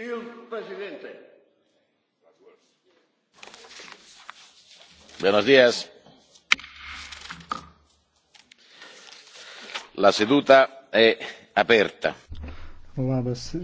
Il Presidente. Buenos días. La seduta è aperta. Labas.